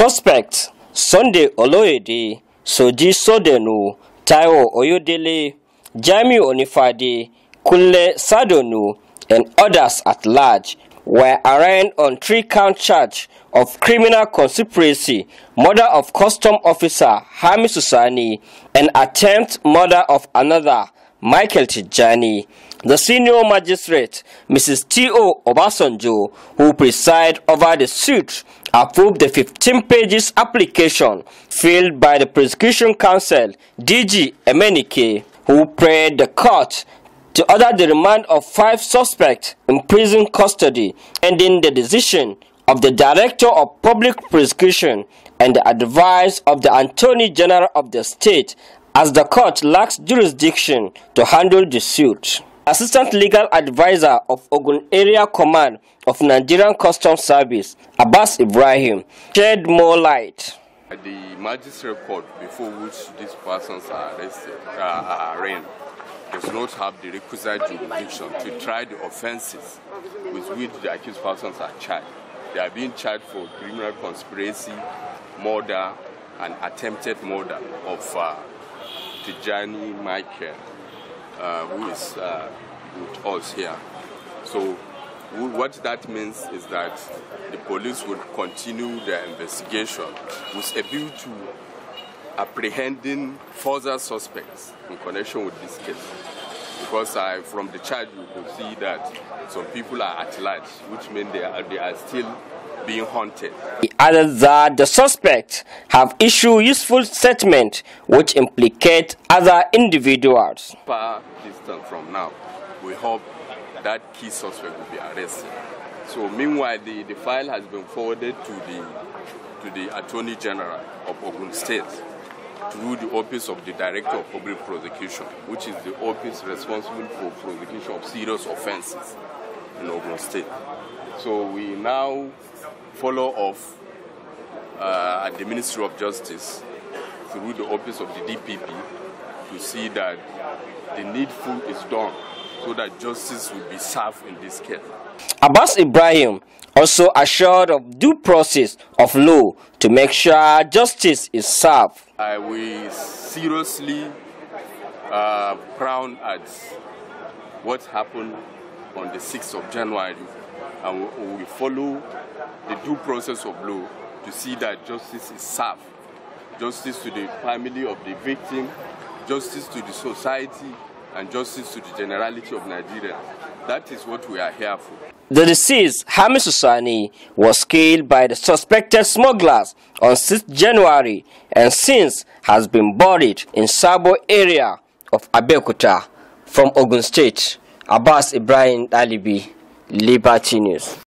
suspect sunday olóyèdè soji sodenu taiwo oyodele Jami onifade kunle sadonu and others at large were arraigned on three-count charge of criminal conspiracy, murder of custom officer Hami Susani, and attempt murder of another Michael Tijani, the senior magistrate, Mrs. T.O. Obasanjo, who presided over the suit, approved the 15 pages application filed by the prosecution counsel, D.G. Emenike, who prayed the court to order the remand of five suspects in prison custody, ending the decision of the Director of Public Prosecution and the advice of the Attorney General of the state as the court lacks jurisdiction to handle the suit. Assistant Legal Advisor of Ogun Area Command of Nigerian Customs Service, Abbas Ibrahim, shed more light. The magistrate court before which these persons are arrested, uh, are arraigned does not have the requisite jurisdiction to try the offenses with which the accused persons are charged. They are being charged for criminal conspiracy, murder, and attempted murder of uh, Tijani Michael, uh, who is uh, with us here. So what that means is that the police will continue their investigation with a view to apprehending further suspects in connection with this case because I, from the chart you could see that some people are at large, which means they are, they are still being haunted. He added that the suspects have issued useful statements which implicate other individuals. Far from now, we hope that key suspect will be arrested. So meanwhile, the, the file has been forwarded to the, to the Attorney General of Ogun State through the Office of the Director of Public Prosecution, which is the office responsible for prosecution of serious offenses in Ogun State. So we now follow off uh, at the Ministry of Justice through the Office of the DPP to see that the needful is done so that justice will be served in this case. Abbas Ibrahim also assured of due process of law to make sure justice is served we seriously uh, frown at what happened on the 6th of January and we follow the due process of law to see that justice is served. Justice to the family of the victim, justice to the society, and justice to the generality of Nigeria. That is what we are here for. The deceased, Hamis Susani, was killed by the suspected smugglers on 6 January and since has been buried in Sabo area of Abeokuta from Ogun State. Abbas Ibrahim Alibi, Liberty News.